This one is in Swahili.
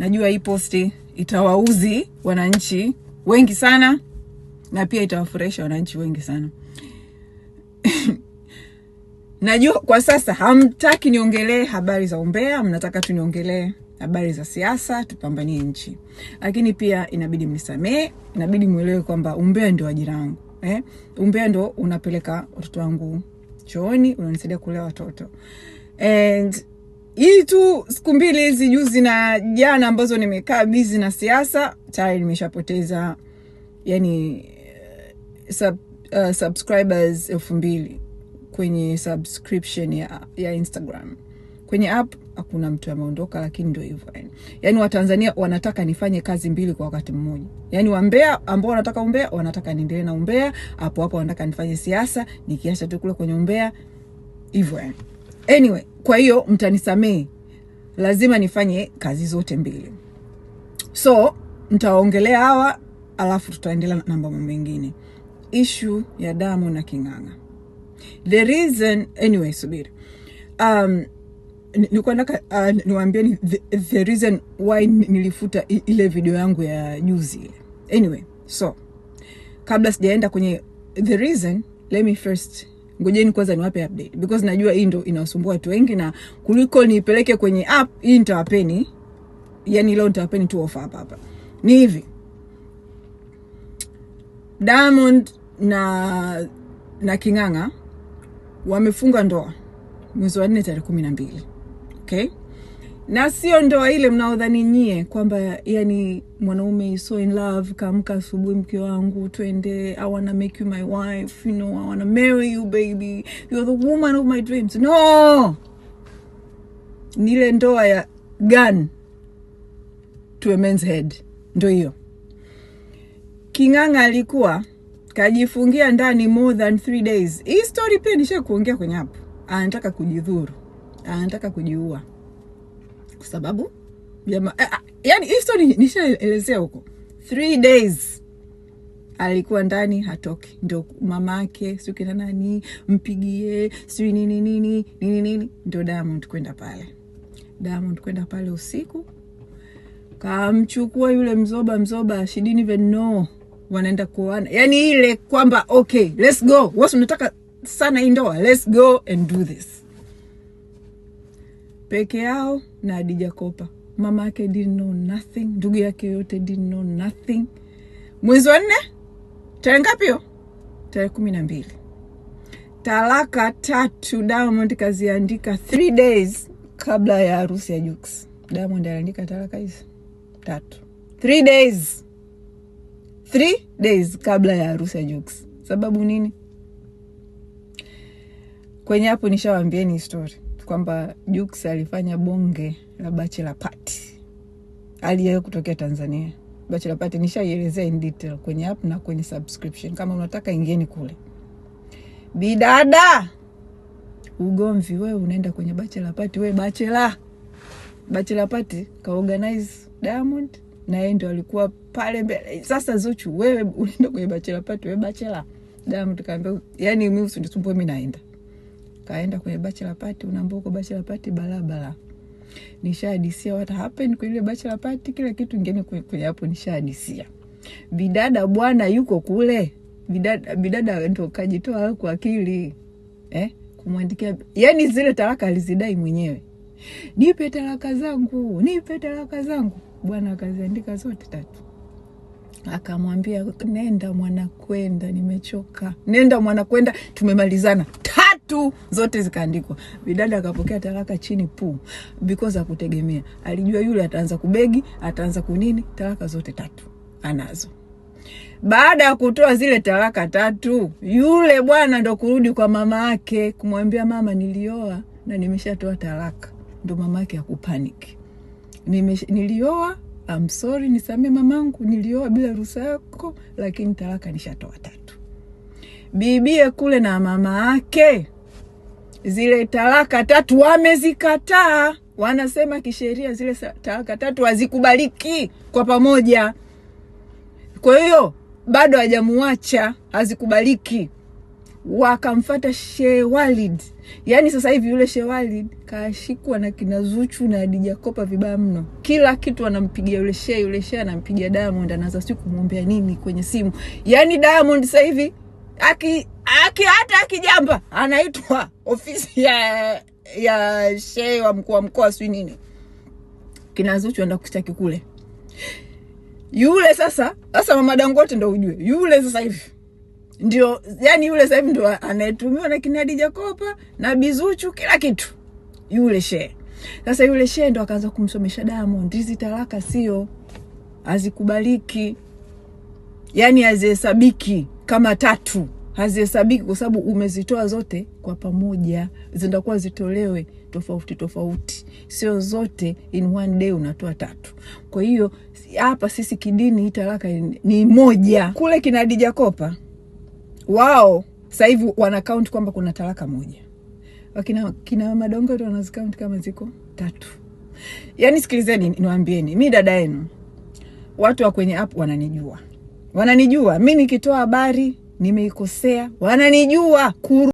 Najua hii posti itawauzi wananchi wengi sana na pia itawafurahisha wananchi wengi sana. Najua kwa sasa hamtaki niongelee habari za umbea, mnataka tu niongelee habari za siasa, tupambanie nchi. Lakini pia inabidi mnisamee, inabidi mwelewe kwamba umbea ndio ajira yangu eh? Umbea ndo unapeleka watoto wangu chooni, unanisaidia kulea watoto and hii tu siku mbili hizi juzi na jana ambazo nimekaa bizi na siasa tayari nimeshapoteza yani eh, sub, uh, subscribers elfu mbili kwenye subscription ya, ya Instagram kwenye app hakuna mtu ameondoka, lakini ndio hivyo yani. Yani Watanzania wanataka nifanye kazi mbili kwa wakati mmoja, yani wambea ambao wanataka umbea wanataka niendelee na umbea, hapo hapo wanataka nifanye siasa, nikiacha tu kule kwenye umbea hivyo yani. Anyway, kwa hiyo mtanisamehe, lazima nifanye kazi zote mbili, so ntawaongelea hawa alafu tutaendelea na mambo mengine. Ishu ya damu na King'ang'a, the reason anyway, subiri um, nilikuwa nataka uh, niwaambie the, the reason why nilifuta ile video yangu ya juzi ile. Anyway, so kabla sijaenda kwenye the reason, let me first ngojeni kwanza niwape update because najua hii ndo inawasumbua watu wengi, na kuliko niipeleke kwenye app hii nitawapeni, yani leo nitawapeni tu offer hapa hapa. Ni hivi Diamond na na King'ang'a wamefunga ndoa mwezi wa nne tarehe kumi na mbili okay? na sio ndoa ile mnaodhani nyie kwamba yani mwanaume is so in love, kaamka asubuhi, mke wangu, twende, I wanna make you my wife, you know, I wanna marry you baby, are the woman of my dreams. No, ni ile ndoa ya gun to a man's head, ndo hiyo. King'ang'a alikuwa kajifungia ndani more than three days. Hii story pia nishakuongea kwenye hapo. Anataka kujidhuru, anataka kujiua kwa sababu jamaa eh, ah, yani, hii story nishaelezea huko. Three days alikuwa ndani hatoki, ndo yake sio kina nani mpigie sio nini nini nini nini, ndo Diamond kwenda pale, Diamond kwenda pale usiku kamchukua yule mzoba mzoba, she didn't even know wanaenda kuoana, yani ile kwamba okay let's go, wewe unataka sana hii ndoa, let's go and do this peke yao na Adija Kopa. Mama yake didn't know nothing, ndugu yake yote didn't know nothing. Mwezi wa nne tarehe ngapi hiyo? Tarehe kumi na mbili. Talaka tatu Diamond kaziandika three days kabla ya harusi ya Jux. Diamond aliandika talaka hizi tatu three days, three days kabla ya harusi ya Jux. Sababu nini? Kwenye hapo nishawambieni story kwamba Jux alifanya bonge la bachelor party, aliyayo kutokea Tanzania. Bachelor party nishaielezea in detail kwenye app na kwenye subscription, kama unataka ingieni kule. Bidada ugomvi, wewe unaenda kwenye bachelor party, wewe bachelor. Bachelor party ka organize Diamond na yeye ndio alikuwa pale mbele. Sasa Zuchu, wewe unaenda kwenye bachelor party, wewe bachelor. Diamond kaambia, yani mimi usinisumbue, mimi naenda kaenda kwenye bachelor party, unaambia uko bachelor party barabara. nishadisia what happened kwa ile bachelor party, kila kitu ngine kwenye hapo nishadisia Bidada bwana yuko kule, bidada bidada ndo kajitoa kwa akili eh, kumwandikia yani, zile talaka alizidai mwenyewe, nipe talaka zangu, nipe talaka zangu. Bwana akaziandika zote tatu akamwambia nenda, mwana kwenda, nimechoka, nenda mwana kwenda, tumemalizana tu zote zikaandikwa. Bidada akapokea talaka chini pu because akutegemea, alijua yule ataanza kubegi, ataanza kunini. Talaka zote tatu anazo. Baada ya kutoa zile talaka tatu, yule bwana ndo kurudi kwa mama yake kumwambia, mama, nilioa na nimeshatoa talaka. Ndo mama yake akupanic, nilioa I'm sorry, nisamee mamangu, nilioa bila ruhusa yako, lakini talaka nishatoa tatu. Bibie kule na mama yake zile talaka tatu wamezikataa. Wanasema kisheria zile talaka tatu hazikubaliki kwa pamoja, kwa hiyo bado hajamuacha, hazikubaliki. Wakamfata Shewalid, yaani sasa hivi yule Shewalid kashikwa na kina Zuchu na Adija Kopa vibaya mno, kila kitu anampigia yule She, yule She anampigia Diamond, anaanza siku kumwombea nini kwenye simu, yaani Diamond sasa hivi aki, aki hata akijamba anaitwa ofisi ya ya shehe wa mkuu wa mkoa sijui nini, kina Zuchu enda kushtaki kule. Yule sasa sasa, mama Dangote ndo ujue yule sasa hivi ndio yani, yule sasa hivi ndo anayetumiwa na kinadi jakopa na Bizuchu kila kitu, yule shehe sasa. Yule shehe ndo akaanza kumsomesha Diamond, hizi talaka sio hazikubaliki, yani hazihesabiki kama tatu hazihesabiki kwa sababu umezitoa zote kwa pamoja, zinakuwa zitolewe tofauti tofauti, sio zote in one day unatoa tatu. Kwa hiyo hapa sisi kidini hii talaka ni moja. Kule kina Adija Kopa wao sasa hivi wana count kwamba kuna talaka moja, wakina kina Madongoto wanazikaunti kama ziko tatu. Yani sikilizeni, niwaambieni mi dada yenu, watu wa kwenye app wananijua wananijua mi nikitoa habari nimeikosea, wananijua kuru